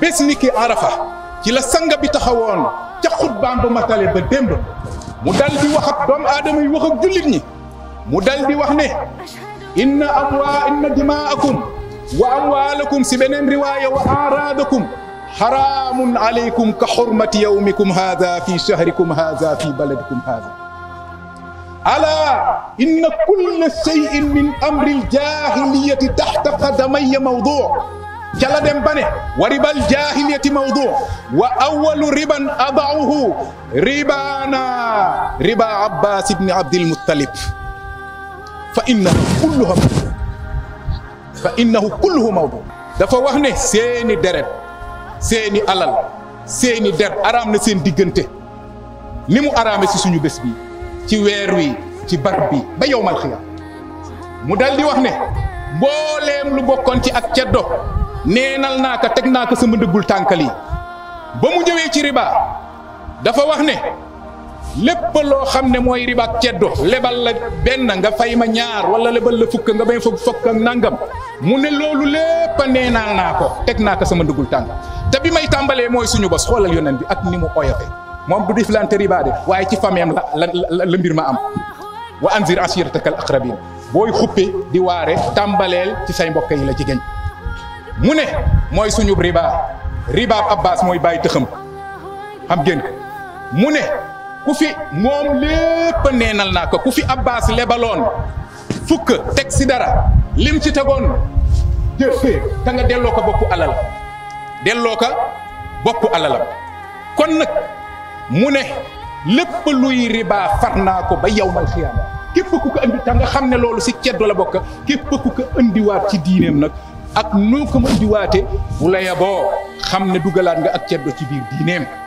bés niki ki arafa ci la sang bi taxawon ci xutbaam bu matale ba démb mu daldi wax ak dom adam yi wax ak julit ñi mu daldi wax ne inna aqwa inna dimaakum wa amwalakum si benen riwaya wa aradakum حرام عليكم كحرمة يومكم هذا في شهركم هذا في بلدكم هذا ألا إن كل شيء من أمر الجاهلية تحت قدمي موضوع ca la dem ba ne wa ribal jahiliyati mawdu wa awalu riban adauhu ribaana riba abbas ibni abdil muttalib fa innahu kulluha mawdu fa innahu kulluhu mawdu dafa wax ne seeni deret seeni alal seeni der araam na seen diggante ni mu araame si suñu bés bi ci weer wi ci barab bi ba yowmal xiyaam mu dal di wax ne mbooleem lu bokkoon ci ak ceddo neenal naa ko teg naa ko sama ndëggul tànkal yi ba mu ñëwee ci riba dafa wax ne lépp loo xam ne mooy riba ak ceddo lebal la benna nga fay ma ñaar wala lebal la fukk nga bay fa fukk ak nangam mu ne loolu lépp neenaal naa ko teg naa ko sama ndëggul tànk te bi may tàmbalee mooy suñu bos xoolal yonent bi ak ni mu oyofe moom bu def lante de waaye ci fameem la la la la mbir ma am wa anzir asiratakal aqrabin booy xuppe di waare tàmbaleel ci say mbokk yi la jigéen mu ne mooy suñu riba ribaab abbas mooy bàyyi tëxam xam ngeen mu ne ku fi moom lépp neenal naa ko ku fi abbas lebaloon fukk teg si dara lim ci tegoon jëfee te nga delloo ko boppu alalam delloo ka boppu alalam kon nag mu ne lépp luy riba far naa ko ba yawmal xiyaama képp ku ko indi nga xam ne loolu si ceddo la bokk képp ku ko indiwaat ci diineem nag ak noo ko mën di waate bu la yaboo xam ne dugalaat nga ak ceddo ci biir diineem